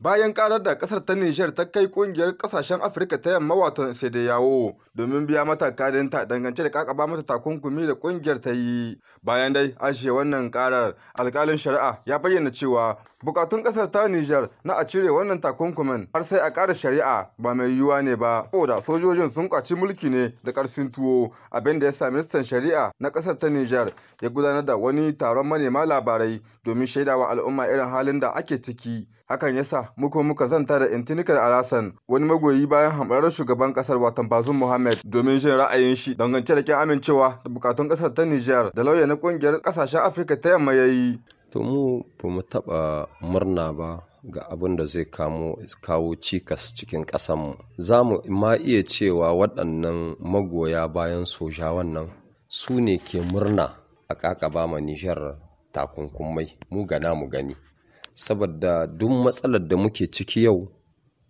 bayan karar da kasar ta Nijar ta kai kungiyar kasashen Afirka ta yamma wato sai da yawo domin biya mata ta dangance da kakaba mata takunkumi da kungiyar ta yi bayan dai ashe wannan karar alkalin shari'a ya bayyana cewa bukatun kasar ta Nijar na a cire wannan takunkumin har sai a kara shari'a ba mai yiwuwa ne ba saboda sojojin sun kwaci mulki ne da karfin tuwo abin da ya sa ministan shari'a na kasar ta Nijar ya gudanar da wani taron manema labarai domin shaidawa al'umma irin halin da ake ciki hakan yasa muka muka zanta da intinikar alasan wani magoyi bayan hamɓarar shugaban kasar watan bazum muhammad domin jin ra'ayin shi dangance da kin amincewa da bukatun kasar ta niger da lauya na kungiyar kasashen afirka ta yamma ya yi to mu ba mu taɓa murna ba ga abin da zai kawo cikas cikin ƙasanmu za mu ma iya cewa waɗannan magoya bayan soja wannan su ne ke murna a ƙaƙaba ma nijar takunkumai mu gana mu gani saboda duk matsalar da muke ciki yau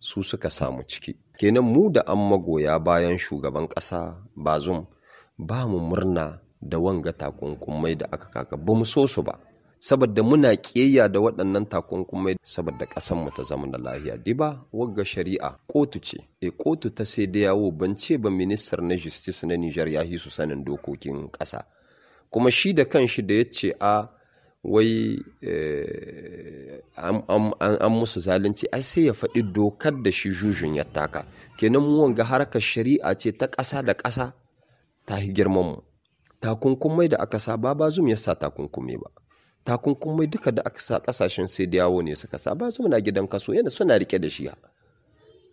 su suka samu ciki kenan mu da an magoya bayan shugaban ƙasa bazum ba mu murna da wanga takunkumai da aka kaka ba mu so su ba saboda muna ƙiyayya da waɗannan takunkumai saboda ƙasar mu ta zama da lahiya diba wagga shari'a kotu ce e kotu ta sai da yawo ban ce ba ministar na justice na Nijar ya su sanin dokokin ƙasa kuma shi da kanshi da ya ce a wai eh, an musu zalunci ai sai ya faɗi dokar da shi jujun ya taka kenan mu wanga harkar shari'a ce ta ƙasa da ƙasa ta hi girmanmu takunkumai da aka sa ba bazum ya sa takunkumai ba takunkumai duka da aka sa ƙasashen sai da yawo ne suka sa bazum na gidan kaso yana suna rike da shi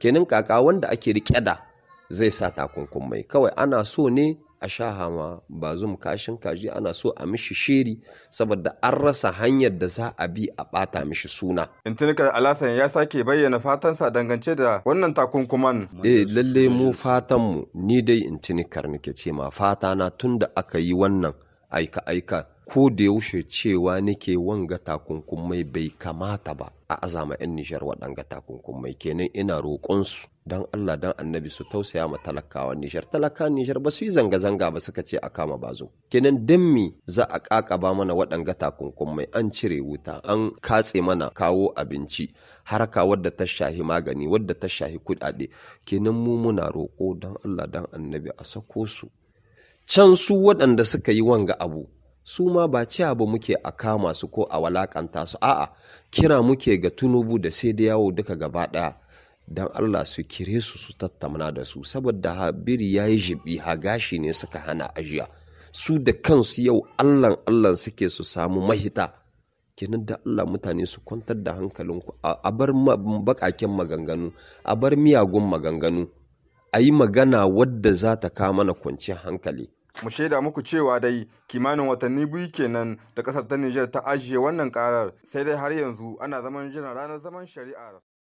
kenan kaka wanda ake rike da zai sa takunkumai kawai ana so ne a sha hama ba zum kashin kaji ana so a mishi shiri saboda an rasa hanyar da za a bi a bata mishi suna. Intinikar Alasan ya sake bayyana fatansa dangance da wannan takunkuman. Eh lalle mu fatanmu ni dai intinikar nake ce ma fata na tunda aka yi wannan aika-aika ko da yaushe cewa nake wanga takunkumai bai kamata ba a azama 'yan nishar waɗanga takunkumai kenan ina roƙonsu don Allah don annabi su tausaya ma talakawa Nishar talakawan Nishar ba su yi zanga-zanga ba suka ce a kama bazo kenan dimmi za a kakaba mana waɗanga takunkun mai an cire wuta an katse mana kawo abinci haraka wadda ta shahi magani wadda ta shahi kudade kenan mu muna roƙo don Allah don annabi a sako su can su waɗanda suka yi wanga abu su ma ba ci abu muke a kama su ko a walakanta su a'a kira muke ga tunubu da sai da yawo duka gaba ɗaya don Allah su kire su su tattauna da su saboda habir ya yi jibi ha gashi ne suka hana ajiya su da kansu yau allan allan suke su samu mahita kenan da Allah mutane su kwantar da hankalinku a bar bakakin maganganu a bar miyagun maganganu a yi magana wadda za ta kama na kwanciyar hankali mu shaida muku cewa dai kimanin watanni biyu kenan da kasar ta Nijar ta ajiye wannan karar sai dai har yanzu ana zaman jiran ranar zaman shari'a